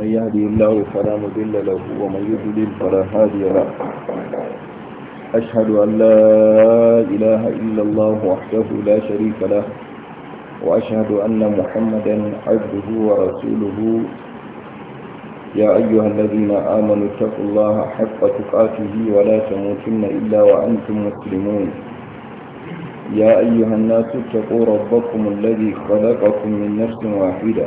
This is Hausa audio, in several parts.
من يهدي الله فلا مضل له ومن يضلل فلا هادي له أشهد أن لا إله إلا الله وحده لا شريك له وأشهد أن محمدا عبده ورسوله يا أيها الذين آمنوا اتقوا الله حق تقاته ولا تموتن إلا وأنتم مسلمون يا أيها الناس اتقوا ربكم الذي خلقكم من نفس واحدة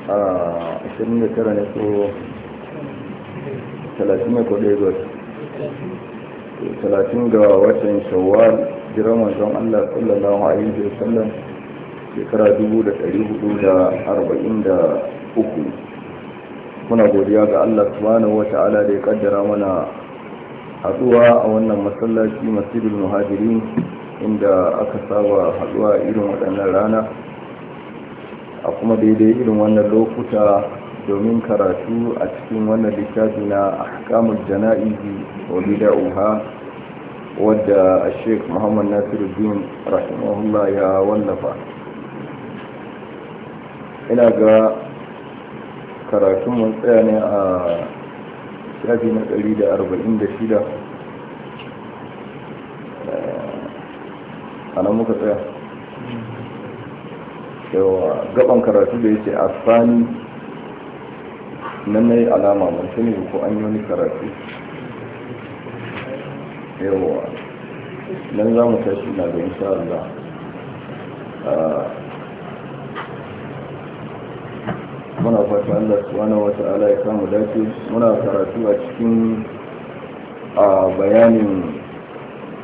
a da tara ne ko talatin ne ko lagos talatin ga watan shawar jiran manzon allah sallallahu alaihi wa sallam shekara dubu da ɗari muna godiya ga allah subhanahu wa ta'ala da ya kaddara mana haɗuwa a wannan masallaci masjidul muhajirin inda aka saba haɗuwa irin waɗannan rana a kuma daidai irin wannan lokuta domin karatu a cikin wannan littafi na ahkamul jana'izi wa bida'uha wadda Sheikh Muhammad Nasiruddin rahimahullah ya wallafa ina ga karatun mun tsaya ne a shafi na 146 eh, a nan muka tsaya yawa gaban karatu da yake asfani nan na alama mutum ne ko an yi wani karatu yawa nan za mu tashi na da insha Allah muna fata Allah subhanahu wata'ala ya kama dace muna karatu a cikin a bayanin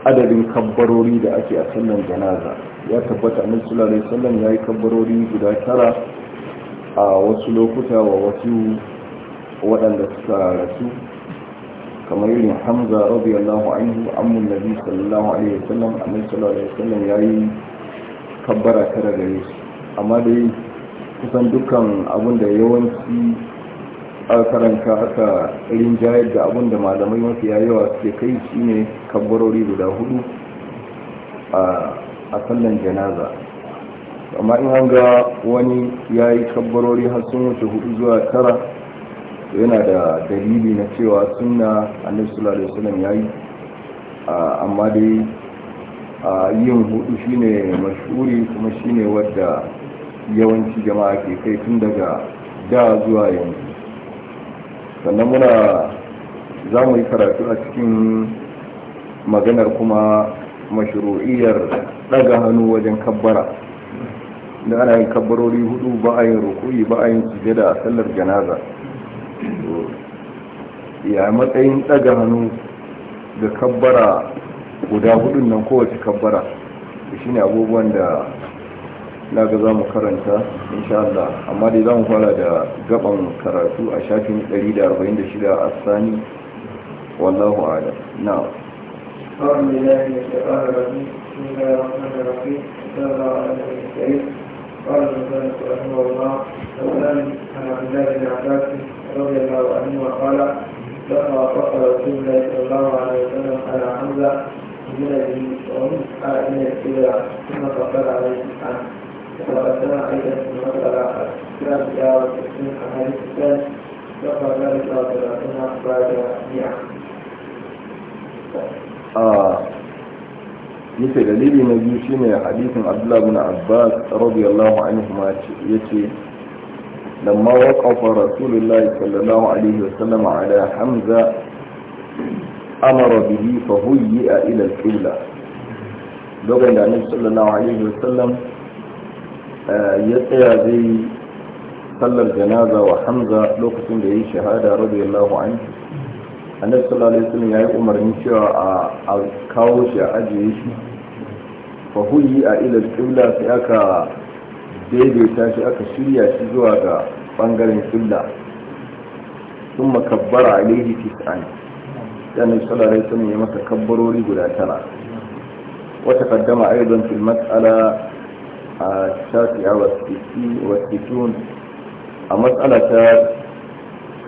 adadin kabbarori da ake a sallan janaza ya tabbata annabi sallallahu alaihi wasallam yayi kabbarori guda tara a wasu lokuta wa wasu waɗanda suka rasu kamar yin hamza radiyallahu anhu ammun nabi sallallahu alaihi wasallam annabi sallallahu alaihi wasallam yayi kabbara tara gare shi amma dai kusan dukkan abin da yawanci a karanta aka jayar da abin da malamai mafi yawa suke kai shine kabbarori guda hudu a a sallan janaza amma in an ga wani ya yi kabbarori har sun wuce hudu zuwa tara yana da dalili na cewa sunna annabi sallallahu alaihi wasallam yayi amma dai yin hudu shine mashuri kuma shine wadda yawanci jama'a ke kai tun daga da zuwa yanzu sannan muna za mu yi karatu a cikin maganar kuma mashru'iyar daga hannu wajen kabbara da ana yin kabbarori hudu ba a yin rukuyi ba a yin sujada a sallar janaza ya matsayin daga hannu ga kabbara guda hudun nan kowace kabbara shi ne abubuwan da na ga za mu karanta insha Allah amma dai za mu fara da gaban karatu a shafin 146 a sani wallahu a'lam na'am أعوذ بالله من الشيطان الرجيم بسم الله الرحمن الرحيم صلى الله على النبي الكريم قال المصنف رحمه الله أولا عن عبد الله بن عباس رضي الله عنهما قال لما وقف رسول الله صلى الله عليه وسلم على حمزة من الجنس وهم على من الكبرى ثم فقال عليه الآن وقد سمع أيضا من مقبل كتاب دعوة السنة أهل الكتاب ذكر ذلك ثلاثون بعد مئة a nufe dalili na biyu shine hadisin abdullah bin abbas radiyallahu anhu ma yace lamma waqafa rasulullah sallallahu alaihi wasallam ala hamza amara bihi fa huyya ila al-qibla lokacin da annabi sallallahu alaihi wasallam eh, ya tsaya zai sallar janaza wa hamza lokacin da ya yi shahada radiyallahu anhu annabi sallallahu alaihi wasallam yayi umarni cewa a kawo shi a ajiye shi fa huyi a ila qibla sai aka daidaita shi aka shirya shi zuwa ga bangaren qibla sun makabbara alaihi tis'an yana sallallahu alaihi wasallam ya masa kabbarori guda tara wata kaddama aidan fil mas'ala a shafi a wasu wa a mas'ala ta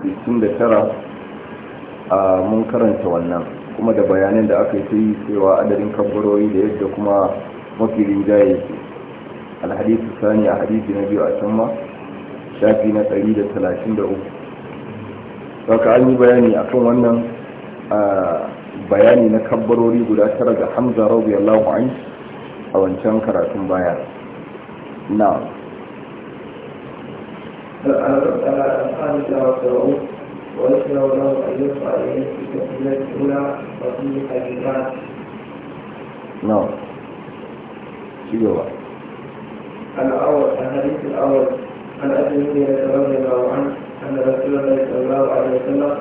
69 a mun karanta wannan kuma da bayanin da aka yi cewa adadin kabbaroyi da yadda kuma mafi rinjaye ke alhadisu sani a hadisi na biyu a can ma shafi na 133 saka an yi bayani a kan wannan bayani na kabbarori guda tara ga hamza radiyallahu anhu a wancan karatun baya na. ويشرع له أن يرفع إليه في التسجيلات الأولى وفي حديثات نعم شيء الأول الحديث الأول عن أبي هريرة رضي الله عنه أن رسول الله صلى الله عليه وسلم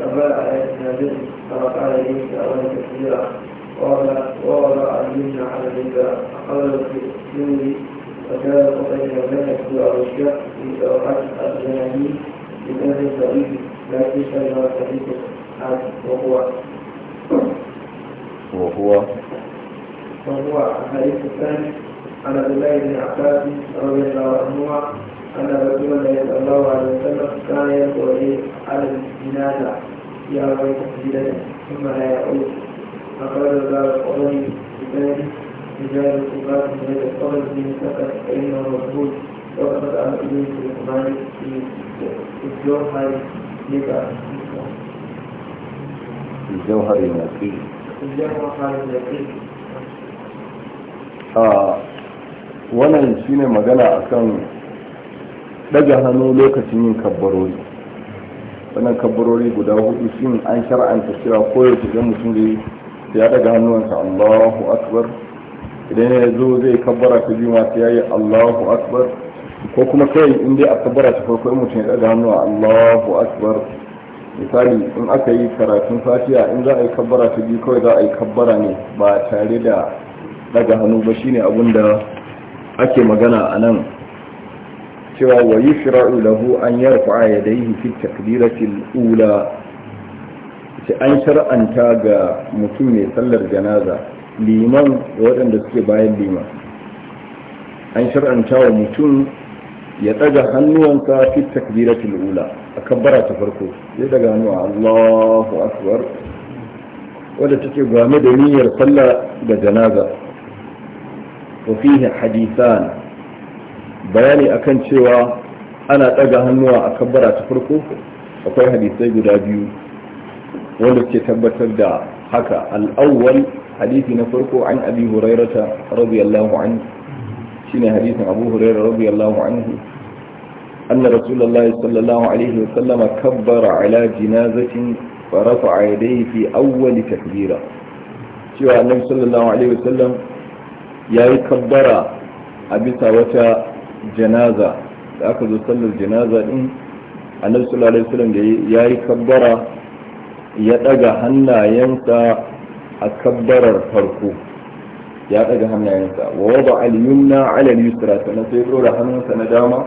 تبرأ على النبي فرفع إليه في أول تكبيرة ووضع اليمنى على اليسرى أخرجه في وكان القطعي بين الكبيرة والشيخ في سواحات الجنانين من أهل الضعيف وهو وهو وهو الحديث الثاني عن عبد الله بن عباس رضي الله عنهما أن رسول الله صلى الله عليه وسلم كان يدعو على الجنازة يا ويل تسجيلا ثم لا يعود فقال دار القبر بذلك رجال القبات من غير القبر من سكت فإنه مجهول وقد أمر إليه في القرآن في الجوهر الجوهر النقي الجوهر النقي آه wannan shine magana akan daga hannu lokacin yin kabbarori wannan kabbarori guda hudu shin an shar'anta cewa koyaushe idan mutum da ya daga hannuwansa Allahu akbar idan ya zo zai kabbara ta biyu ma yayi Allahu akbar ko kuma kai in dai a kabbara ta farko in mutum ya daga hannu a Allahu akbar misali in aka yi karatun safiya in za a yi kabbara ta biyu kawai za a yi kabbara ne ba tare da daga hannu ba shine abun da ake magana a nan cewa wa shira'u lahu an yadda yadayhi fi takbirati ula ce an shara'anta ga mutum mai sallar janaza liman da waɗanda suke bayan liman an shara'anta wa mutum ya daga hannuwansa fi takbiratul ula a kabbara ta farko ya daga hannuwa Allahu akbar wadda take game da niyyar sallah da janaza wa fihi bayani akan cewa ana daga hannuwa a kabbara ta farko akwai hadisai guda biyu wanda ke tabbatar da haka al hadisi na farko an abi hurairata radiyallahu anhu shine hadisin abu hurairah radiyallahu anhu أن رسول الله صلى الله عليه وسلم كبر على جنازة فرفع يديه في أول تكبيرة cewa annabi sallallahu a bisa wata janaza da aka zo sallar janaza din annabi ya yi daga hannayensa a kabbarar farko ya daga hannayensa wa wada al na ala al sai hannunsa na dama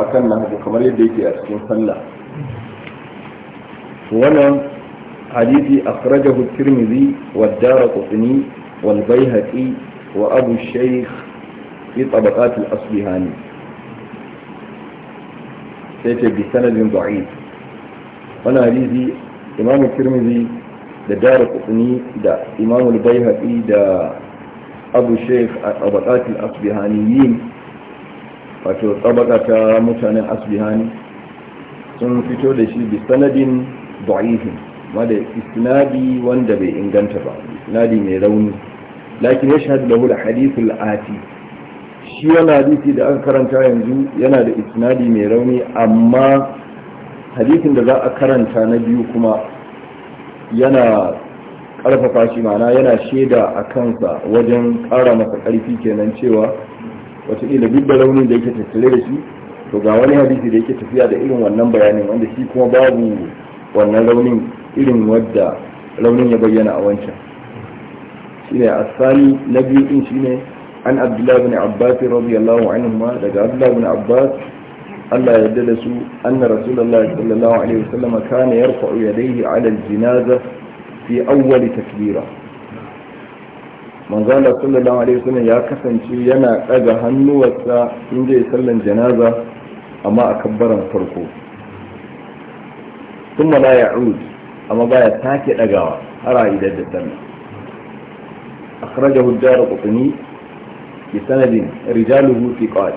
akan nahwu kamar yadda yake a cikin sallah wannan hadisi akhrajahu tirmidhi wa ad-darqutni wal bayhaqi wa abu shaykh fi tabaqat al-asbihani sai ce bi sanadin da'if wannan hadisi tirmidhi da darqutni da imamu al-bayhaqi da abu shaykh a tabaqat al wato tsabaka ta mutanen asbihani sun fito da shi bi sanadin da'ifin ma da isnadi wanda bai inganta ba isnadi mai rauni lakin ya shahadu da da hadithul ati shi wani hadisi da aka karanta yanzu yana da isnadi mai rauni amma hadisin da za a karanta na biyu kuma yana karfafa shi ma'ana yana shaida a kansa wajen kara masa karfi kenan cewa wataƙila duk da raunin da yake tattare da shi to ga wani hadisi da yake tafiya da irin wannan bayanin wanda shi kuma babu wannan raunin irin wadda raunin ya bayyana a wancan shi ne a sani na biyu din ne an abdullahi bin abbas radiyallahu anhu daga abdullahi bin abbas Allah ya yarda da su anna rasulullahi sallallahu alaihi wasallam kana yarfa'u yadayhi ala al-jinaza fi awwal takbira manzo Allah sallallahu alaihi wasallam ya kasance yana daga hannuwarsa in zai sallan janaza amma a kabbaran farko kuma la ya'ud amma baya take dagawa har a idan da sallah akhrajahu ad-darqutni bi sanadin rijaluhu thiqat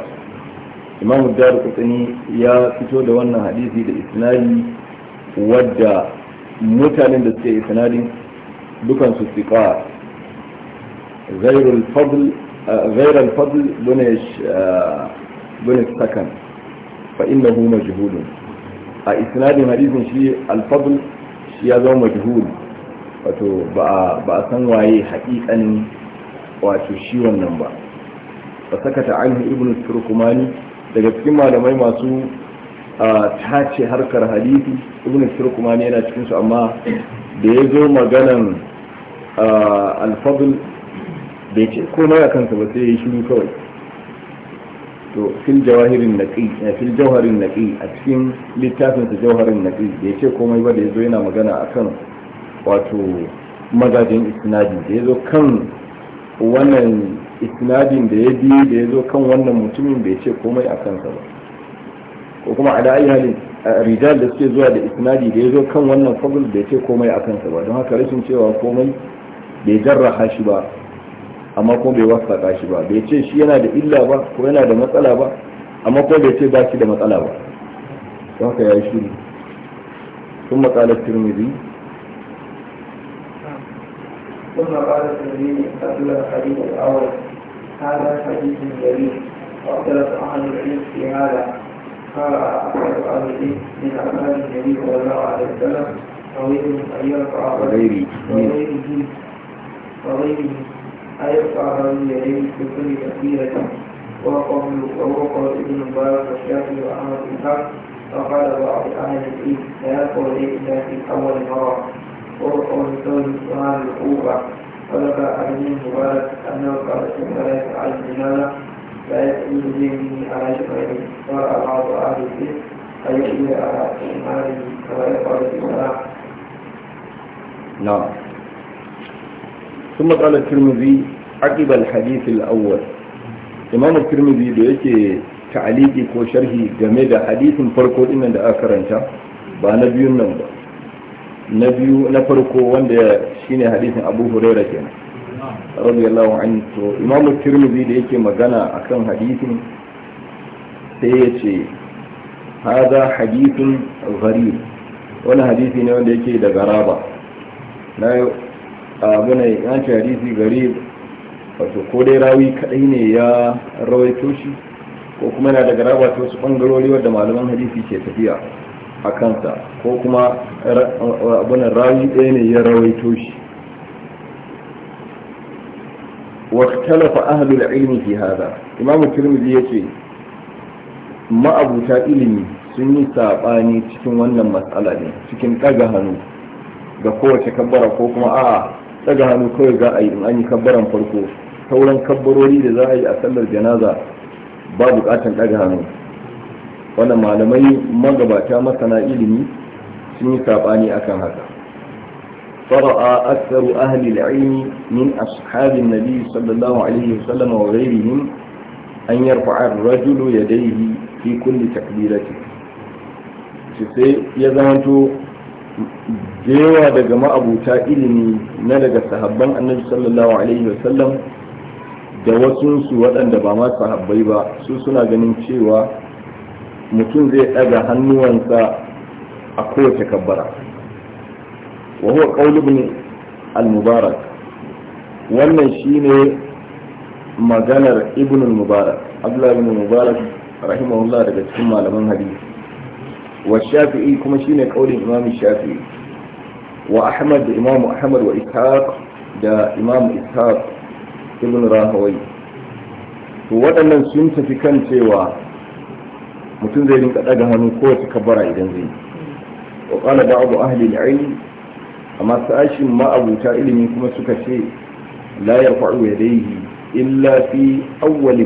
imam ad-darqutni ya fito da wannan hadisi da isnadi wadda mutanen da suke isnadin dukansu thiqat غير الفضل غير الفضل بن بن السكن فإنه مجهول إسناد حديث شيء الفضل شيء هذا مجهول wato ba san waye haƙiƙanin wato shi wannan ba ba sakata anhu ibn turkumani daga cikin malamai masu tace harkar hadisi ibn turkumani yana cikinsu amma da ya zo maganan alfadul bai ce komai a kansa ba sai ya yi shiru kawai to fil jawahirin naqi eh, fil jawharin naqi a cikin littafin sa jawharin naqi bai ce komai ba da yazo yana magana akan wato magajin isnadin da yazo kan wannan isnadin da ya bi da yazo kan wannan mutumin bai ce komai a kansa ba ko kuma ala ayi halin rijal da suke zuwa da isnadi da yazo kan wannan fagul bai ce komai a kansa ba don haka rashin cewa komai bai jarraha shi ba amma kuma bai wasaka shi ba bai ce shi yana da illa ba ko yana da matsala ba amma ko bai ce ba shi da matsala ba don haka yayi shiru sun matsalar tirmidhi ثم قال الترمذي قبل الحديث الاول هذا حديث جليل واختلف اهل العلم في هذا قال احد اهل العلم من اصحاب النبي صلى الله عليه وسلم وغيره ان يرفع وغيره وغيره أيرفع يديه في كل تكبيرة وقول ابن مبارك الشافعي وأحمد بن حق فقال بعض أهل العلم لا يرفع إيه إلا في أول مرة وهو قول ثور سؤال الكوفة وذكر عن ابن مبارك أنه قال ثم لا يفعل الجنازة لا يسجد بيمينه على شماله قال بعض أهل العلم أن على شماله كما يقال في السلام نعم ثم قال الترمذي عقب الحديث الأول إمام الترمذي da yake ta'aliki ko sharhi game da hadisin farko dinnan da aka karanta ba na biyun nan ba na biyu na farko wanda shine hadisin Abu Huraira kenan radiyallahu anhu to Imam Tirmidhi da yake magana akan hadisin sai ya ce hada hadithun gharib wani hadisi ne wanda yake da garaba muna yanci hadisi gari wato ko dai rawi kadai ne ya rawaito shi ko kuma yana daga rawa wasu bangarori wadda malaman hadisi ke tafiya a kansa ko kuma abunan rawi ɗaya ne ya rawaito shi واختلف ahalul العلم ilimi hada imamu الترمذي ya ce ma'abuta ilimi sun yi saɓani cikin wannan matsala ne cikin ɗaga hannu ga kowace kabbara ko kuma a'a. daga hannu kawai za a yi in an yi kabbaran farko sauran kabbarori da za a yi a sallar janaza ba bukatan daga hannu wannan malamai magabata masana ilimi sun yi sabani akan haka فرأى أكثر أهل العلم من أصحاب النبي صلى الله عليه وسلم وغيرهم أن يرفع الرجل يديه في كل تكبيرته sai ya zanto jewa daga ma'abuta ilimi na daga sahabban annabi sallallahu alaihi wasallam da wasu su waɗanda ba ma sahabbai ba su suna ganin cewa mutum zai ɗaga hannuwansa a kowace kabbara wa huwa qawl ibn al-mubarak wannan shine maganar ibn al-mubarak abdullah ibn mubarak rahimahullah daga cikin malaman hadisi wa shafi'i kuma shine kaulin imam shafi'i wa ahmad da imam ahmad wa ishaq da imam ishaq ibn rahawai to waɗannan sun tafi kan cewa mutum zai rinka daga hannu kowace bara idan zai wa qala ba'du ahli al-ilm amma sashin ma'abuta ilimi kuma suka ce la yarfa'u yadayhi illa fi awwal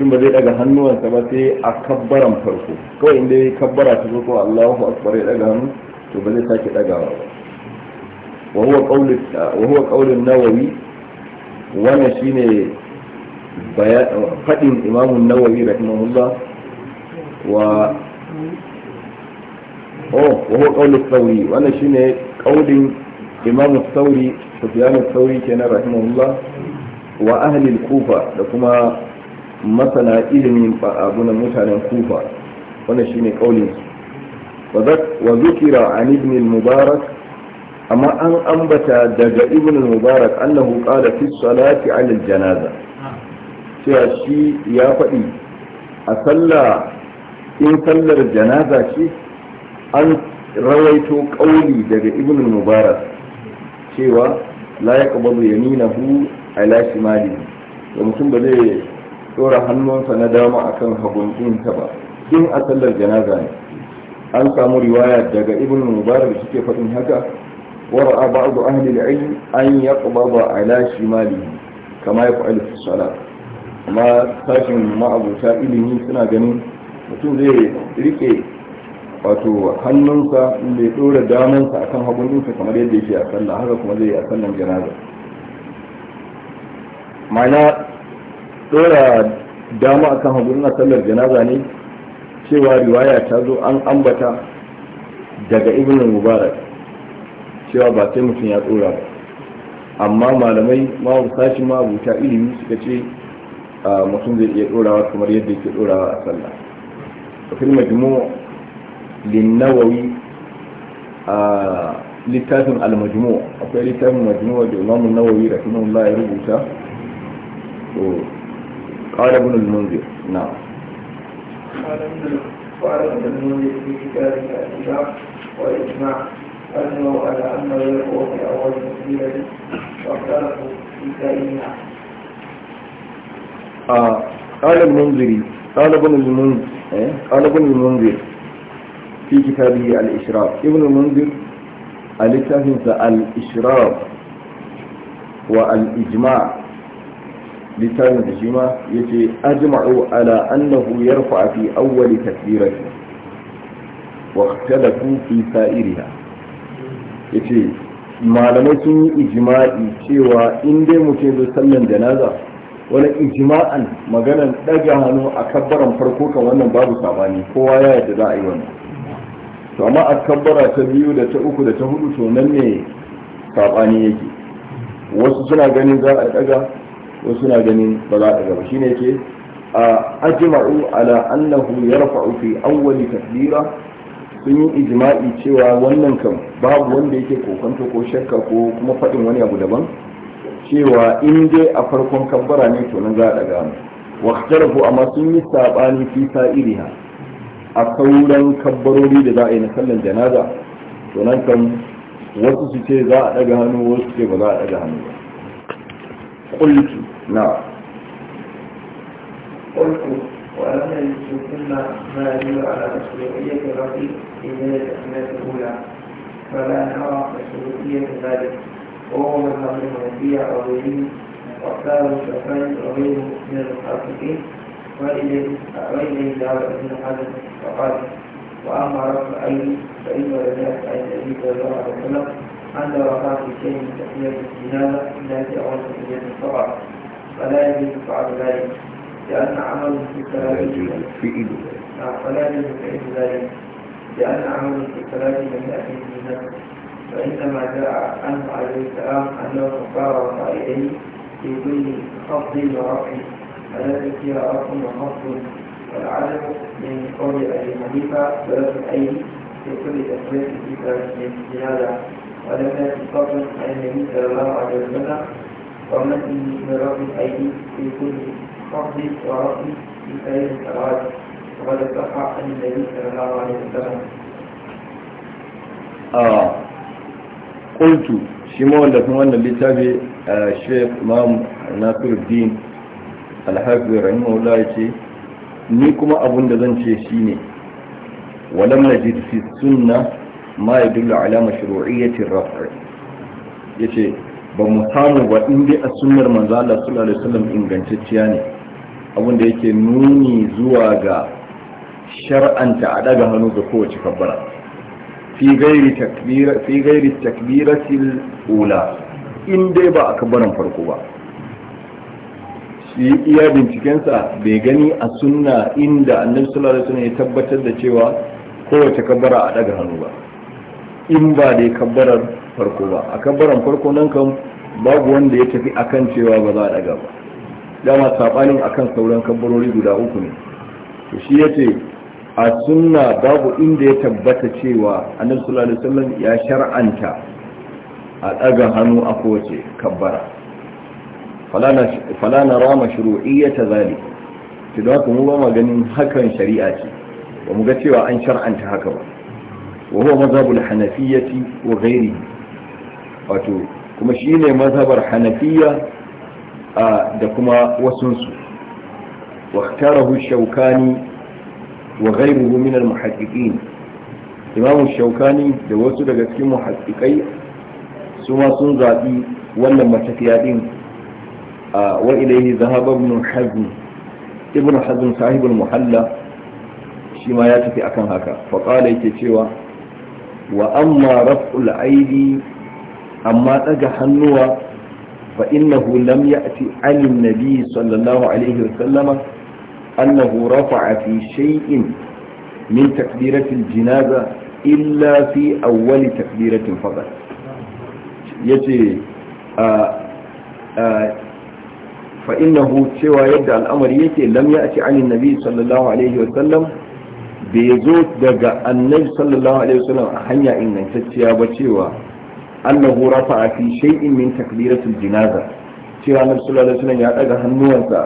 mutum ba zai daga hannuwansa ba sai a kabbaran farko kawai inda ya kabbara ta farko Allahu akbar ya daga hannu to ba zai sake dagawa ba wa huwa qaulun nawawi wannan shine fadin imamu nawawi rahimahullah wa oh wa huwa qaulun thawri wannan shine qaulin imamu thawri sufyan thawri kenan rahimahullah wa ahli al-kufa da kuma masana ilimin abu na mutanen kufa wannan shine kaulin wa zukira an ibn mubarak amma an ambata daga ibn mubarak annahu qala fi salati ala janaza cewa shi ya faɗi a sallah in sallar janaza ce an rawaito kauli daga ibn mubarak cewa la yaqbadu yaminahu ala shimalihi da mutum ba zai tsora hannunsa na dama akan hagun ɗinta ba in a sallar janaza ne an samu riwaya daga ibn mubarak da suke faɗin haka wara'a ba'du ahli al-ilm an yaqbada ala shimalihi kama yaf'al fi salat amma sashin ma'abuta ilimi suna ganin mutum zai rike wato hannunsa mai ɗora damansa akan hagun ɗinsa kamar yadda yake a sallah haka kuma zai yi a sallan janaza ma'ana dora dama akan hagu sallar janaza ne cewa riwaya ta zo an ambata daga ibnin mubarak cewa ba sai mutum ya tsora ba amma malamai ma mawuta shi abuta ilimi suka ce mutum zai iya tsorawa kamar yadda yake tsorawa a sallah a filma linnawawi a littafin akwai littafin majimo da imamun nawawi da kuma ya rubuta قال ابن المنذر نعم قال ابن المنذر في كتابه الاتفاق انه على في اول واختلفوا في كائنها آه، قال قال ابن المنذر إيه؟ قال ابن المنذر في كتابه الإشراف ابن المنذر الكتاب الإشراف والإجماع littafin da shi ma ya ce ajma'u ala annahu yarfa fi awwali takbirati wa ikhtalafu fi sa'iriha yace malamai sun yi ijima'i cewa in dai mutum zai sallan janaza wani ijima'an maganan ɗaga hannu a kabbaran farko kan wannan babu sabani kowa ya yarda za a yi wannan to amma a kabbara ta biyu da ta uku da ta hudu to nan ne sabani yake wasu suna ganin za a daga wasu na ganin ba za a gaba shine yake ajma'u ala annahu yarfa'u fi awwali takbira sun yi ijma'i cewa wannan kan babu wanda yake kokonto ko shakka ko kuma fadin wani abu daban cewa in dai a farkon kabbara ne to nan za a daga mu waqtarafu amma sun yi sabani fi sa'iriha a sauran kabbarori da za a yi na sallan janaza to nan kan wasu su ce za a daga hannu wasu ce ba za a daga hannu ba نعم قلت وأنا يجب ما يدل على مسؤولية الرقي في إزالة الأحمال الأولى فلا نرى مسؤولية ذلك وهو من مذهب المنبيع وغيره وأكثر الشافعي وغيره من المحققين وإليه دعوة ابن حزم فقال وأما رفع أيدي فإن رجعت عن النبي صلى الله عليه وسلم عند وفاة شيء من تحية الجنازة لا تعود في الجنة فقط فلا يجوز بعد ذلك لأن عمل في الثلاث فلا يجوز فعل ذلك لأن عمل في ثلاثة من أهل الجنة فإنما وإنما جاء عنه عليه السلام أنه كفار إليه في كل خفض ورفع الذي فيها رفع وخفض والعدد من قول أبي حنيفة ثلاث أي في كل تفريق في ثلاثة من هذا ولم يكن قبل أن النبي صلى الله عليه وسلم ومسه برب الأيدي في كل فقد ورفض في سائر الصلوات وقد صح عن النبي صلى الله عليه وسلم. آه قلت شما ولا كمان اللي تابع الشيخ إمام ناصر الدين الحافظ رحمه الله يشي ni kuma abun da zan ce shine walam najid fi sunna ma yadullu ala mashru'iyyati raf'i yace ba mu samu ba in dai a sunnar manzo Allah sallallahu alaihi wasallam ingantacciya ne abin da yake nuni zuwa ga shar'anta a daga hannu ga kowace kabbara fi gairi takbira fi gairi takbiratil ula in dai ba a kabbaran farko ba shi iya sa bai gani a sunna inda annabi sallallahu alaihi wasallam ya tabbatar da cewa kowace kabbara a daga hannu ba in ba da kabbarar farko ba a kabbarar farko nan kan babu wanda ya tafi akan cewa ba za a daga ba dama sabanin akan sauran kabbarori guda uku ne to shi yace a sunna babu inda ya tabbata cewa annabi sallallahu alaihi wasallam ya shar'anta a daga hannu a kowace kabbara fala na rama shuru'iyyata zali to da mu ba ma ganin hakan shari'a ce ba mu ga cewa an shar'anta haka ba wa mazhabul hanafiyyati wa ghairihi wato kuma shine mazhabar hanafiya da kuma wasunsu wa ikhtarahu shaukani wa ghairuhu min al muhaddiqin shaukani da wasu daga cikin muhaddiqai su ma sun zabi wannan matafiya din wa ilayhi zahaba ibn hazm ibn hazm sahibul muhalla shi ma ya tafi akan haka fa qala yake cewa wa amma raf'ul aidi amma daga hannuwa fa innahu lam ya'ti an nabi sallallahu alaihi wasallam annahu rafa'a fi shay'in min takbiratil janaza illa fi awwali takbiratin faqat yace fa innahu cewa yadda al'amari yake lam ya'ti an nabi sallallahu alaihi wasallam bai zo daga annabi sallallahu alaihi wasallam a hanya ingantacciya ba cewa annahu rafa'a fi shay'in min takbiratul janaza cewa annabi sallallahu alaihi wasallam ya daga hannuwansa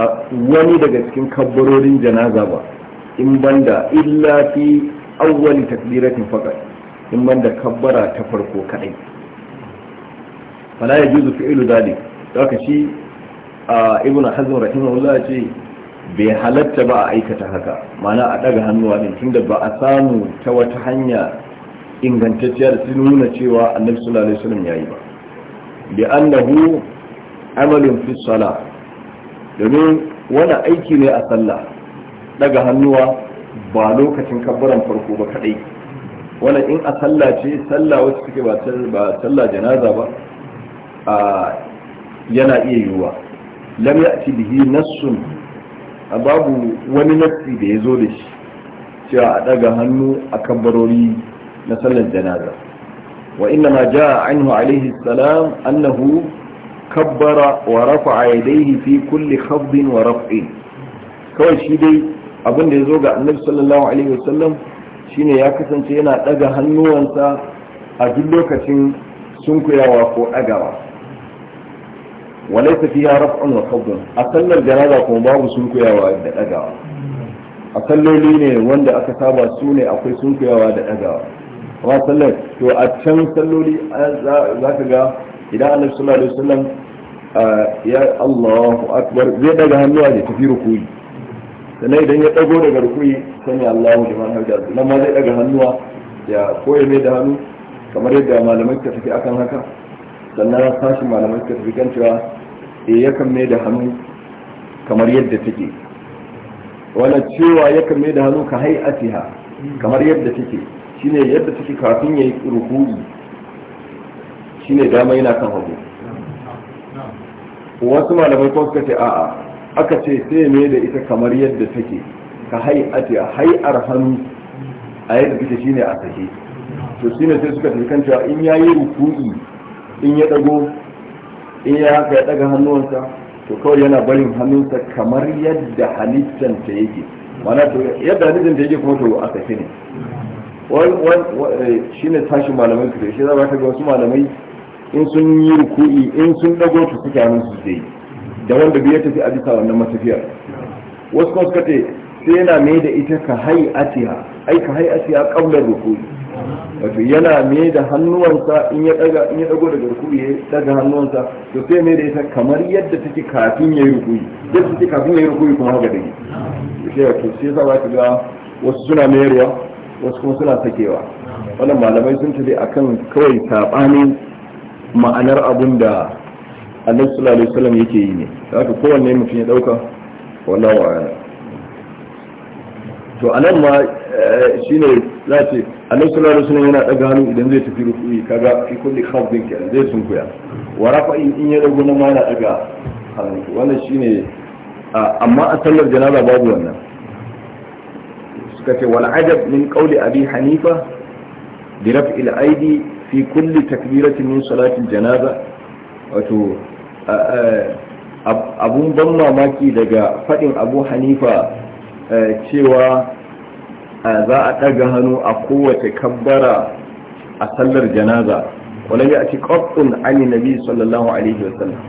a wani daga cikin kabbarorin janaza ba in banda illa fi awwali takbiratin faqat in banda kabbara ta farko kadai fala yajuzu fi'lu dhalik haka shi ibnu hazm rahimahullah ce bai halatta ba a aikata haka mana a daga hannuwa ne tunda ba a samu ta wata hanya ingantacciya da sun nuna cewa annabi sallallahu alaihi wasallam yayi ba bi annahu amalun fi sala domin wani aiki ne a sallah daga hannuwa ba lokacin kabbaran farko ba kadai wani in a sallah ce sallah wacce take ba sallah janaza ba a yana iya yiwuwa lam ya'ti bihi nassun a babu wani nassi da ya zo da shi cewa a daga hannu a kan barori na sallar janaza wa inna ma jaa anhu alaihi salam annahu kabbara wa rafa'a yadayhi fi kulli khafdin wa raf'in kawai shi dai abin da ya zo ga annabi sallallahu alaihi wasallam shine ya kasance yana daga hannuwansa a duk lokacin sunkuyawa ko dagawa walaysa fiha raf'un wa kabin. a sallar janaza kuma babu sunkuyawa da dagawa a salloli ne wanda aka saba su ne akwai sunkuyawa da dagawa amma sallar to a can salloli za ka ga idan annabi sallallahu alaihi wasallam ya Allahu akbar zai daga hannuwa ne tafi rukuyi sannan idan ya dago daga rukuyi sani Allahu liman hamida nan ma zai daga hannuwa ya koye mai da hannu kamar yadda malamai suka tafi akan haka sannan sashi malamai suka fi kan cewa e yakan mai da hannu kamar yadda take wala cewa yakan mai da hannu ka hai'atiha kamar yadda take shine yadda take kafin ya yayi Shi shine dama yana kan hagu wasu malamai kuma suka ce a'a aka ce sai mai da ita kamar yadda take ka hai a hannu a yadda take shine a take to shine sai suka tafi kan cewa in yayi ruku'i in ya dago in ya haka ya daga hannuwansa to kawai yana barin hannunsa kamar yadda halittan ta yake mana to yadda halittan ta yake kuma to a sake ne shi ne tashi malamai su shi za ta ga wasu malamai in sun yi ruku'i in sun dago su suke hannun su zai da wanda bai tafi a bisa wannan matafiyar wasu kuma suka ce sai yana mai da ita ka hai atiya ai ka hai atiya ƙaunar ruku'i wato yana me da hannuwansa in ya daga in ya dago daga rukuyi ya daga hannuwansa to sai me da ita kamar yadda take kafin ya yi ruku'i yadda take kafin ya yi kuma haka dai sai wato sai yasa za ga wasu suna mayarwa wasu kuma suna sakewa wannan malamai sun tafi akan kawai sabanin ma'anar abun da annabi sallallahu alaihi wasallam yake yi ne haka kowanne mutum ya dauka wallahu a'lam to anan ma eh, shine za a ce annabi sallallahu alaihi wasallam yana daga hannu idan zai tafi ruku'i kaga fi kulli khafdin kenan zai kuya wa rafa in ya dago na ma yana daga hannu wannan shine amma a sallar janaza babu wannan suka ce wal ajab min qawli abi hanifa bi raf'il aidi fi kulli takbiratin min salatin janaza wato abun ban mamaki daga fadin abu hanifa eh, cewa za a ɗaga hannu a kowace kabbara a sallar janaza wani ya ci ƙwaƙƙun ali nabi sallallahu alaihi wasallam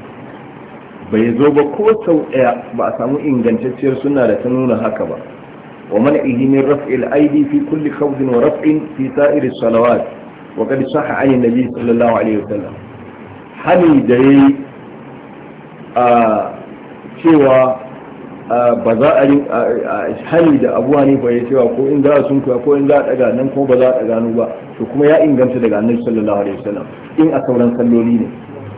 bai zo ba ko sau ɗaya ba a samu ingantacciyar suna da ta nuna haka ba wa mana min raf'il aidi fi kulli khawfin wa raf'in fi sa'iri salawat wa qad sahha ani nabi sallallahu alaihi wasallam hani da yayi a cewa ba za a yi hali da ne ba ya cewa ko in za a sunkuya ko in za a daga nan ko ba za a daga ba to kuma ya inganta daga annabi sallallahu alaihi wasallam in a sauran salloli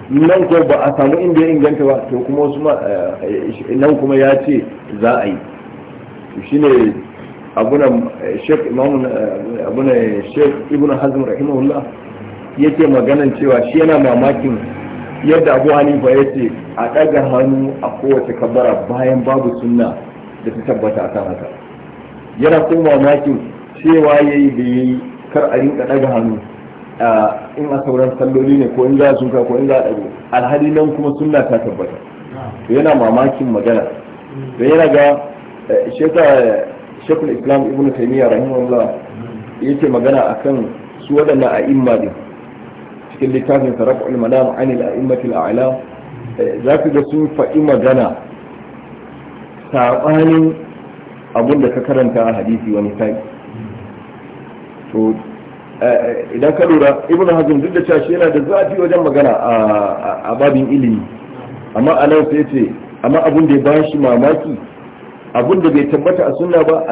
ne nan ko ba a samu inda ya inganta ba to kuma wasu nan kuma ya ce za a yi shine abunan eh, shek imamun eh, abunan eh, shek ibn hazm rahimahullah yake maganan cewa shi yana mamakin yadda abu hanifa ya ce a ɗaga hannu a kowace kabara bayan babu sunna da ta tabbata akan haka yana kuma mamakin cewa ya yi da ya yi kar a rinka ɗaga hannu in a sauran salloli ne ko in za a suka ko in za a ɗago alhali nan kuma sunna ta tabbata yana mamakin magana da yana ga eh, eh, shekul islam ibn taimiyya rahimahullah ce magana akan su waɗannan a'imma din cikin littafin sarrafa ulmanam anil a'immatil a'lam za ku ga sun faɗi magana saɓanin abin da ka karanta a hadisi wani sai to eh, idan ka lura ibn hazm duk da cewa shi yana da zafi wajen magana a babin ilimi amma a nan sai ce amma abin da ya ba shi mamaki abin da bai tabbata a sunna ba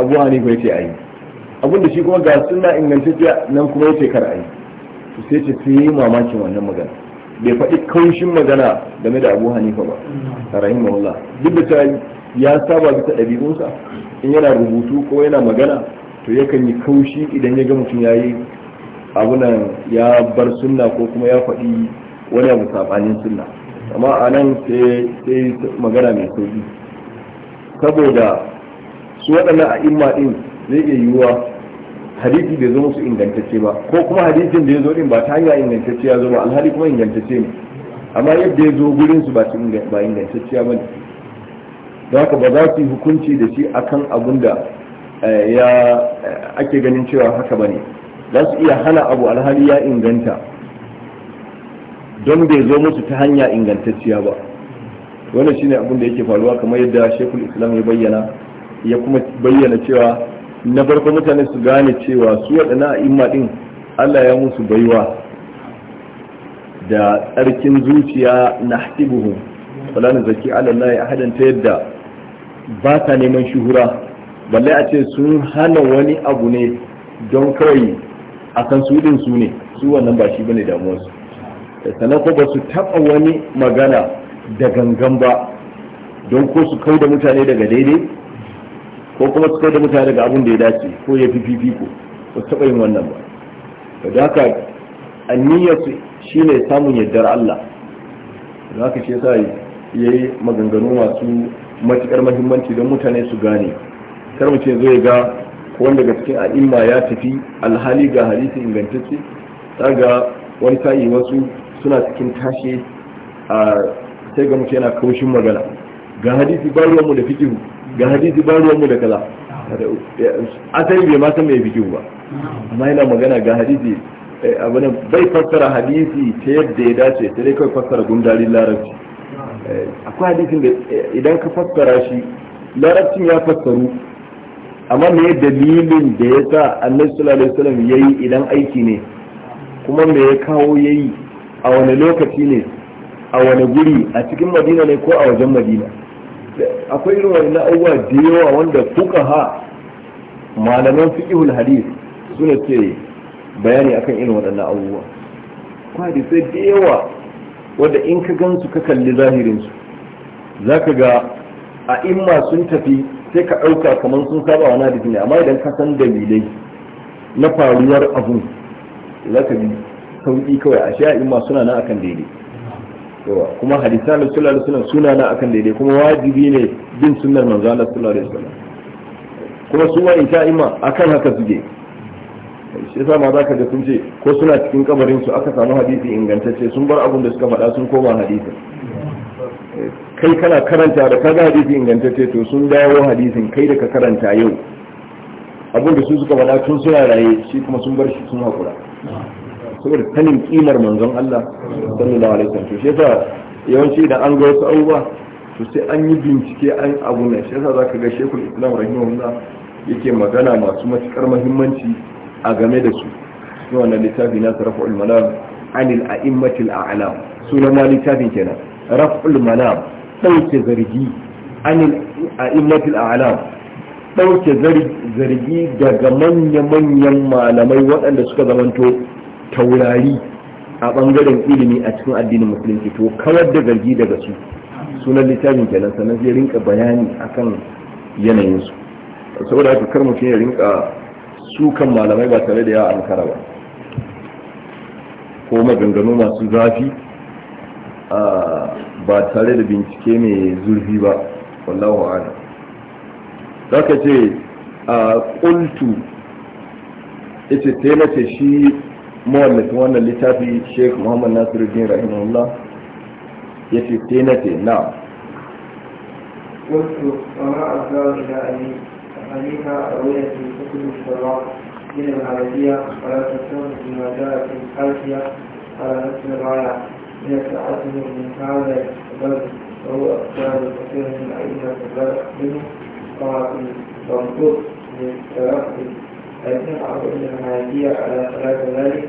abuwa ne ya ce a yi abin da shi kuma ga sunna ingantacciya nan kuma ya ce kar a yi sai ce sai yi mamakin wannan magana bai faɗi kaushin magana game da abu hanifa ba Allah duk da cewa ya saba bisa ɗabi'unsa in yana rubutu ko yana magana to yakan yi kaushi idan ya ga mutum ya yi abunan ya bar sunna ko kuma ya faɗi wani abu saɓanin sunna amma a nan sai magana mai sauƙi. saboda su waɗannan a'imma ɗin zai iya yiwuwa hadisi bai zo musu ingantacce ba ko kuma hadisin da ya zo din ba ta hanya ingantacce ya zo ba alhali kuma ingantacce ne amma yadda ya zo gurin su ba ba ingantacce ba ne don haka ba za su yi hukunci da shi akan abun da eh, ya eh, ake ganin cewa haka ba ne za su iya hana abu alhali ya inganta don bai zo musu ta hanya ingantacciya ba wannan shine abun da yake faruwa kamar yadda shekul islam ya bayyana ya kuma bayyana cewa na farko mutane su gane cewa su a a'imma ɗin Allah ya musu baiwa da tsarkin zuciya na hatibuhu falanin zaki ya haɗin ta yadda ba ta neman shuhura balle a ce sun hana wani abu ne don kawai a kan su ɗin su ne su wannan ba shi bane damuwarsu sannan ko ba su taɓa wani magana da gangan ba don ko su kau da mutane daga daidai ko kuma su kai da mutane daga abin da ya dace ko ya fi fifiko ba su taɓa yin wannan ba da haka shi ne samun yardar Allah da haka shi yasa ya yi maganganu masu matuƙar mahimmanci don mutane su gane kar ce zai ga ko wanda daga cikin a'imma ya tafi alhali ga hadisi ingantacce ga wani sa'i wasu suna cikin tashe, a sai ga mutum yana kaushin magana ga hadisi ba ruwanmu da fikihu ga hadisi ba ruwanmu da kaza asali bai ma mai bikin ba amma yana magana ga hadisi eh, abin bai fassara hadisi ta yadda ya dace ta dai kawai fassara gundari larabci eh, akwai hadisin da eh, idan ka fassara shi larabcin ya fassaru amma me dalilin da ya sa annabi sallallahu alaihi ya yayi idan aiki ne kuma mai ya kawo yayi a wani lokaci ne a wani guri a cikin madina ne ko a wajen madina akwai irin na abubuwa da yawa wanda fuka ha malaman fiƙihul hadith suna ce bayani akan irin waɗannan abubuwa kwadi sai da yawa wanda in ka gansu ka kalli zahirin su zaka ga a imma sun tafi sai ka ɗauka kamar sun saba wani hadisi ne amma idan ka san dalilai na faruwar abu za ka bi sauƙi kawai a sha imma suna nan akan daidai kuma hadisan da sallallahu alaihi suna na akan daidai kuma wajibi ne bin sunnar manzo Allah sallallahu alaihi wasallam kuma su wa ita'ima akan haka suke shi yasa ma za ka ga sun ce ko suna cikin kabarin su aka samu hadisi ingantacce sun bar abin da suka faɗa sun koma hadisin kai kana karanta da kaga hadisi ingantacce to sun dawo hadisin kai da ka karanta yau abin da su suka faɗa tun suna raye shi kuma sun bar shi sun haƙura da sanin kimar manzon Allah sallallahu alaihi wasallam to shi yasa yawanci idan an ga wasu abubuwa to sai an yi bincike an abu ne shi yasa zaka ga Sheikhul Islam rahimahullah yake magana masu matukar muhimmanci a game da su shi wannan littafi na Rafa'ul Malam anil a'immatil a'lam sunan ma littafin kenan Rafa'ul Malam dauke zargi anil a'immatil a'lam ɗauke zargi daga manya-manyan malamai waɗanda suka zamanto taurari a bangaren ilimi a cikin addinin musulunci to kawar da gargi daga su sunan littafin kenan sannan zai rinka bayani akan yanayinsu saboda haka kar mutum ya rinka sukan malamai ba tare da ya ankara ba ko maganganu masu zafi ba tare da bincike mai zurfi ba wallahu a'lam zaka ce a qultu ita ce shi mawallafin wannan littafi sheik muhammad nasiruddin rahimahullah ya ce tenate na wasu sama a tsawon da ali a halifa a wuyan ke من العربية ولا تكون فيما جاء في على نفس الغاية من التعلم من هذا البلد وهو أقسام كثير من أين البلد منه قاضي منصور من تلقي أئمة العربية العادية على خلاف ذلك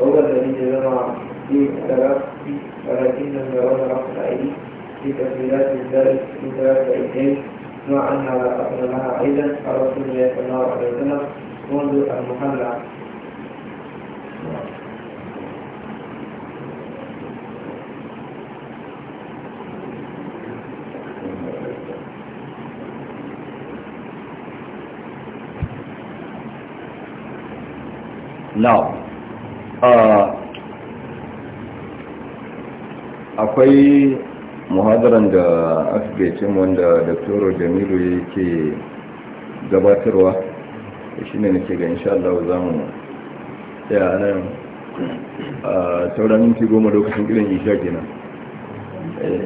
هو الذي جمع في الثلاث ولكن لم يرون رفع الأيدي في تفريدات ذلك في ثلاث أيدين مع أنها لا أصل لها أيضا الرسول صلى الله عليه وسلم منذ المحلى نعم. No. akwai muhadaran da asibitin wanda dr jamilu yake gabatarwa shi ne nake ga insha Allah za mu tsaya nan a sauran minti goma lokacin irin isha gina. Eh,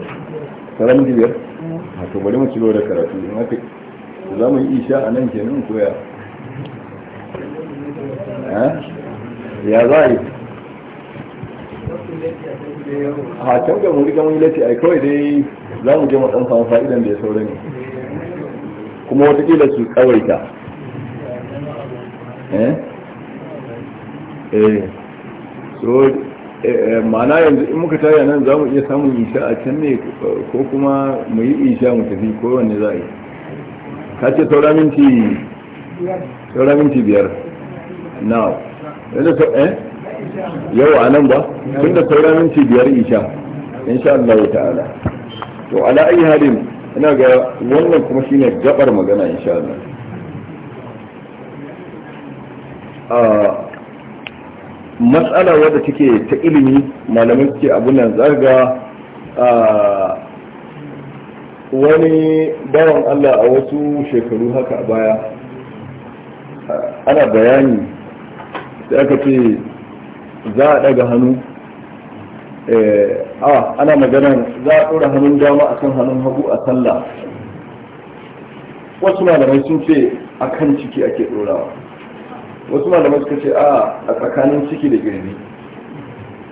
sauran minti a to bari mu ci da karatu za mu yi isha a nan ke nan koya eh? ya za a yi a can ga muri wani lati a kawai dai za mu je mu dan samu fa'idan da ya saura ne kuma watakila su ta eh eh so eh, eh, ma'ana yanzu in muka tare nan za mu iya samun isha a can ne ko kuma mu yi isha mu tafi ko wanne za a yi ka ce saura minti biyar na Eh? yau a nan ba tun da saura minti biyar isha sha Allah ta'ala to ala ayi halin ina ga wannan kuma shine gabar magana sha Allah a matsala wadda take ta ilimi malamai suke abunan zarga a wani bawan Allah a wasu shekaru haka baya ana bayani sai aka ce za a daga hannu eh, a ana maganar za a ɗora hannun dama a kan hannun hagu a sallah wasu malamai sun ce a kan ciki ake ɗorawa wasu malamai suka ce a tsakanin ciki da girbi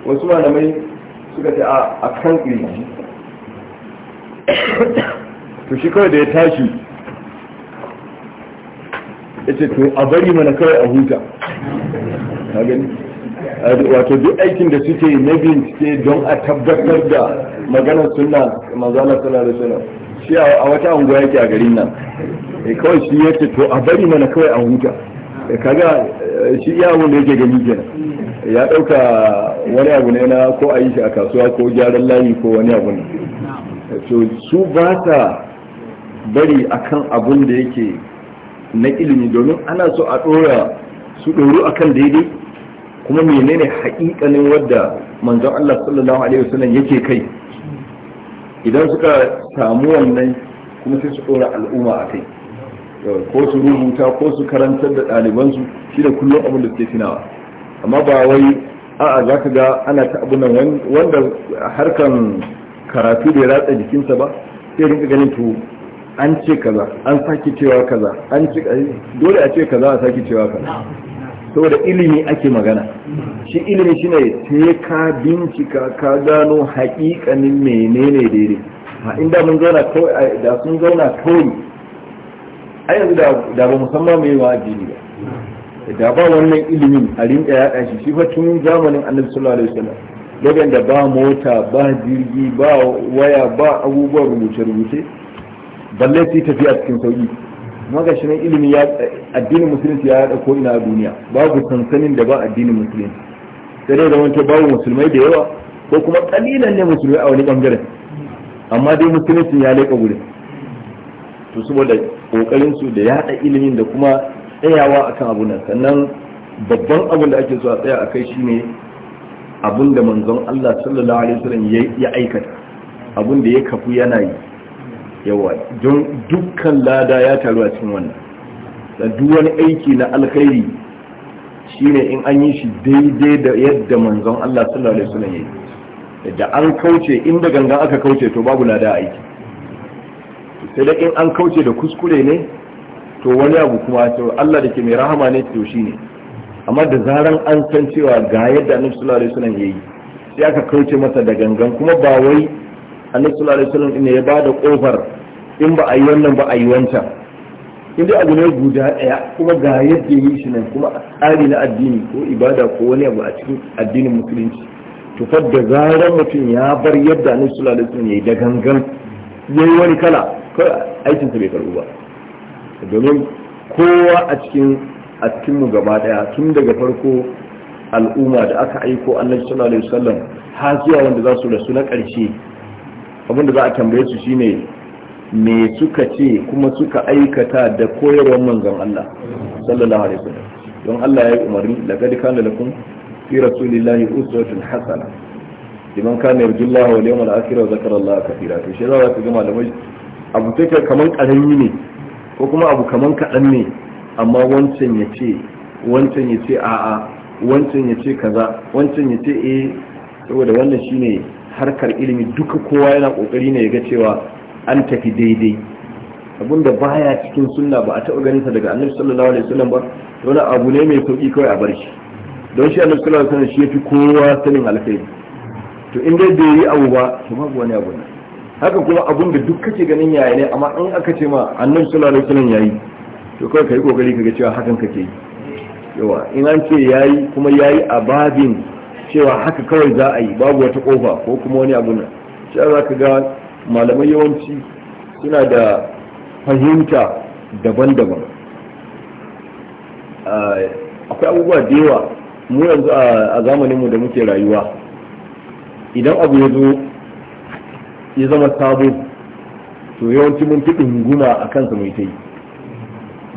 wasu malamai suka ce a kan girbi to shi kawai da ya tashi ya ce to a bari mana kawai a huta ka gani wato duk aikin da suke yi na bincike don a tabbatar da maganar sunna mazana suna da suna? shi a wata anguwa yake a garin nan e kawai shi ce to a bari mana kawai a huta eh, kaga eh, shi ya abun da yake gani kenan ya dauka wani abu ne na ko a yi shi a kasuwa ko gyaran layi ko wani abu ne to su ba ta bari akan abun da yake na ilimi domin ana so a ɗora su doro akan daidai kuma menene haƙiƙanin wadda manzon Allah sallallahu alaihi wasallam yake kai idan suka samu wannan kuma sai su ɗora al'umma a kai ko su rubuta ko su karantar da ɗalibansu shi da kullum abin da suke tunawa amma ba wai a'a za ka ga ana ta abu nan wanda harkan karatu ya ratsa jikinsa ba sai rinka ganin to an ce kaza an sake cewa kaza an ce dole a ce kaza a sake cewa kaza saboda ilimi ake magana shi ilimi shine sai ka bincika ka gano haƙiƙanin menene daidai a inda mun zauna kawai da sun zauna kawai a yanzu da ba musamman mai wa addini ba da ba wannan ilimin a rinƙa ya shi shi tun zamanin annabi sallallahu alaihi wasallam lokacin da ba mota ba jirgi ba waya ba abubuwan rubuce-rubuce balle su tafiya cikin sauki kuma ilimi ya addinin musulunci ya yada ko ina a duniya babu sansanin da ba addinin musulunci sai dai zamanto babu musulmai da yawa ko kuma kalilan ne musulmai a wani bangaren amma dai musulunci ya leka gurin to saboda kokarin su da yada ilimin da kuma tsayawa akan abun nan sannan babban abin da ake so a tsaya akai shine abun da manzon Allah sallallahu alaihi wasallam ya aikata abin da ya kafu yana yi yawa don dukkan lada ya taru a cikin wannan da duk wani aiki na alkhairi shine in an yi shi daidai da yadda manzon Allah sallallahu alaihi wasallam ya yi da an kauce inda gangan aka kauce to babu lada aiki sai da in an kauce da kuskure ne to wani abu kuma to Allah da ke mai rahama ne to shine amma da zaran an san cewa ga yadda annabi sallallahu alaihi wasallam ya yi sai aka kauce masa da gangan kuma ba wai annabi sallallahu alaihi wasallam ne ya bada kofar in ba a yi wannan ba a yi wancan in dai abu ne guda ɗaya kuma ga yadda yi shi nan kuma tsari na addini ko ibada ko wani abu a cikin addinin musulunci to fa da zaran mutum ya bar yadda ne sulalatin ya yi yayi da gangan yayi wani kala kawai aikin sa bai karbu ba domin kowa a cikin a cikin mu gaba daya tun daga farko al'umma da aka aiko annabi sallallahu alaihi wasallam har zuwa wanda za su rasu na ƙarshe abinda za a tambaye su shine me suka ce kuma suka aikata da koyarwar manzon Allah sallallahu alaihi wasallam don Allah ya yi umarni laqad kana lakum fi rasulillahi uswatun hasana liman kana yarjullaha wal yawmal akhir wa zakara Allah kathira to shi za ka ga malamai abu take kaman karami ne ko kuma abu kaman kadan ne amma wancan ya ce wancan ya ce a'a wancan ya ce kaza wancan ya ce eh saboda wannan shine harkar ilimi duka kowa yana kokari ne ya ga cewa an tafi daidai abinda baya cikin sunna ba a taɓa ganin sa daga annabi sallallahu alaihi wasallam ba wani abu ne mai sauki kawai a bar shi don shi annabi sallallahu alaihi wasallam shi yafi kowa sanin alkhairi to in dai bai yi abu ba to babu wani abu nan haka kuma abun da duk kake ganin yaya ne amma in aka ce ma annabi sallallahu alaihi wasallam yayi to kawai kai kokari kaga cewa hakan kake yi yawa in an ce yayi kuma yayi a babin cewa haka kawai za a yi babu wata kofa ko kuma wani abu nan sai za ka ga malamai yawanci suna da fahimta daban-daban akwai abubuwa da yawa mu yanzu a zamaninmu da muke rayuwa idan abu ya zo ya zama sabo to yawanci mun fi ɗunguma a kansa mai ta yi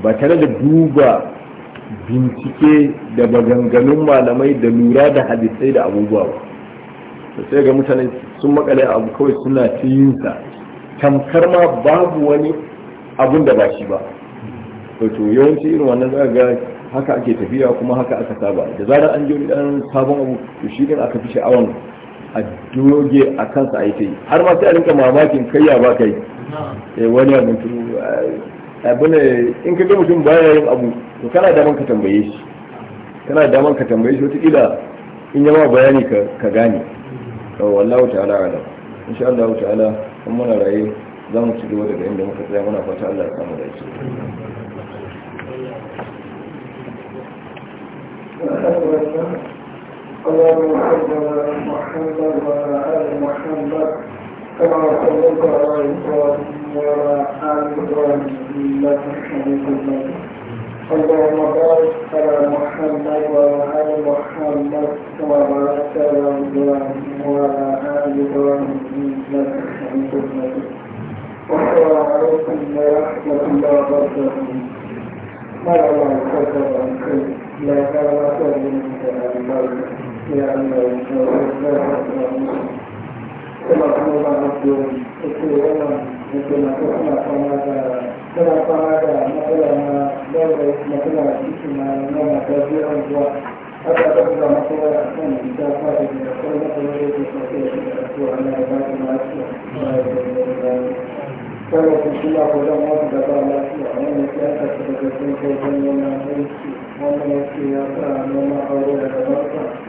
ba tare da duba bincike da maganganun malamai da lura da hadisai da abubuwa ba sai ga mutane sun makale abu kawai suna ta yin sa tamkar ma babu wani abun da ba shi ba wato yawanci irin wannan za ga haka ake tafiya kuma haka aka saba da zarar an je dan sabon abu to shi din aka fi sha'awan a doge a kansa a yi ta yi har ma sai a rinka mamakin kai ya ba kai eh, wani abin eh, abu ne in ka ga mutum baya yin abu to kana daman ka tambaye shi kana daman ka tambaye shi wataƙila in yama bayani ka gane wallahu ta'ala alam insha Allah ta'ala kun muna raye za mu ci gaba daga inda muka tsaya muna fata Allah ya samu dace اللهم صل على محمد وعلى ال محمد كما صليت على ابراهيم وعلى ال ابراهيم انك حميد مجيد اللهم بارك على محمد وعلى ال محمد وبارك على ابراهيم وعلى ال ابراهيم انك حميد مجيد والسلام عليكم ورحمه الله وبركاته مرة الخطر عن كل لا كرامة منك عن مرة لأن الله سبحان الله عبده كثيرا مثل ما تسمع فماذا tana fama da matsala na daura matsala a cikin na nuna ta zuwa haka ta kuma matsala a kan ta fara da kuma matsala da ke sosai da ke a na ba bata lafiya kada ku kula ko don wasu da ba lafiya wannan ya aka ta da kai kai don yana mulki wannan ya ce ya sa noma aure da gabansa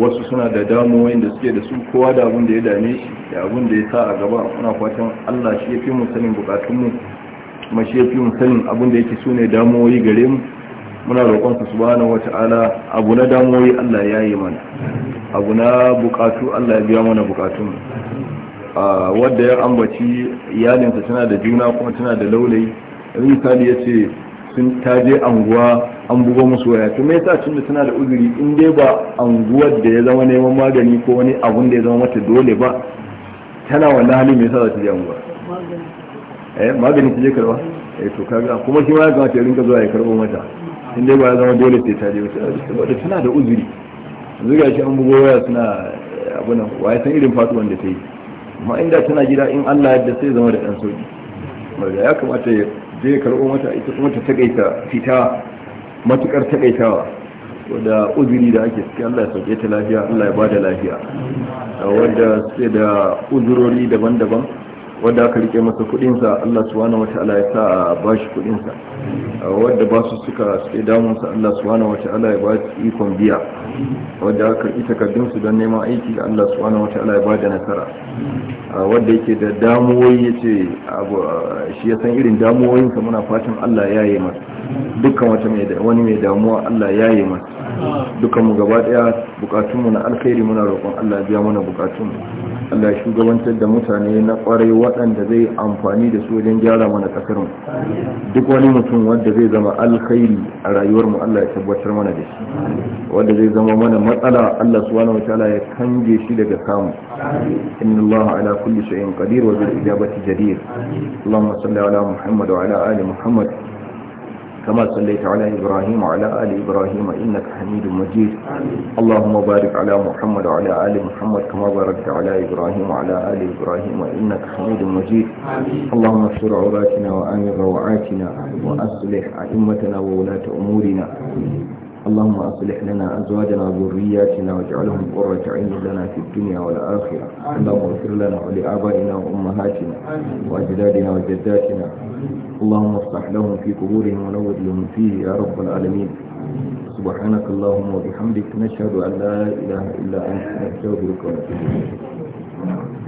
wasu suna da damuwoyin da suke da su kowa da abin da ya dame shi da abin da ya sa a gaba muna fatan Allah shi ya fi mu sanin bukatunmu kuma shi ya fi mu sanin abin da yake su ne damuwoyi gare mu muna roƙon su subhanahu wata'ala abu na damuwoyi Allah ya yi mana abu na bukatu Allah ya biya mana bukatun wadda ya ambaci iyalinsa tana da juna kuma tana da laulayi misali ya ce sun taje anguwa an bugo musu waya to me yasa tunda tana da uzuri in dai ba anguwar da ya zama neman magani ko wani abun da ya zama mata dole ba tana wanda hali me yasa za ta je anguwa eh magani ta je karba eh to kaga kuma shi ma ya kamata ya rinka zuwa ya karbo mata in dai ba ya zama dole sai ta je ba tana da uzuri yanzu ga shi an bugo waya suna eh, abuna wa ya san irin faduwan da ta yi amma inda tana gida in Allah yadda sai zama da dan sauki ya kamata ya je karbo mata ita kuma ta tagaita fita matukar taƙaitawa da uzuri da ake suke Allah ya sauke ta lafiya Allah ya ba da lafiya wadda suke da uzurori daban-daban wadda aka rike masa kudinsa Allah wata wata'ala ya sa a bashi kudinsa wadda ba su suka suke damunsa Allah wata wata'ala ya ba su ikon biya wadda aka rike takardunsu don neman aiki Allah wata wata'ala ya ba da nasara wadda yake da damuwoyi ya ce shi ya san irin damuwoyinsa muna fatan Allah ya yi masa dukkan wani mai damuwa Allah ya yi masa dukkan mu gaba daya bukatunmu na alkhairi muna roƙon Allah biya mana bukatun Allah shugabantar da mutane na kwarai waɗanda zai amfani da su wajen gyara mana ƙasar mu duk wani mutum wanda zai zama alkhairi a rayuwar mu Allah ya tabbatar mana da shi wanda zai zama mana matsala Allah subhanahu wataala ya kange shi daga samu inna Allah ala kulli shay'in qadir wa bil ijabati jadir Allahumma salli ala Muhammad wa ala ali Muhammad كما صليت على إبراهيم وعلى آل إبراهيم إنك حميد مجيد اللهم بارك على محمد وعلى آل محمد كما باركت على إبراهيم وعلى آل إبراهيم إنك حميد مجيد اللهم اغفر عوراتنا وآمن روعاتنا وأصلح أئمتنا وولاة أمورنا اللهم أصلح لنا أزواجنا وذرياتنا واجعلهم قرة عين لنا في الدنيا والآخرة اللهم اغفر لنا ولآبائنا وأمهاتنا وأجدادنا وجداتنا اللهم افتح لهم في قبورهم ونور لهم فيه يا رب العالمين سبحانك اللهم وبحمدك نشهد أن لا إله إلا أنت نستغفرك ونتوب إليك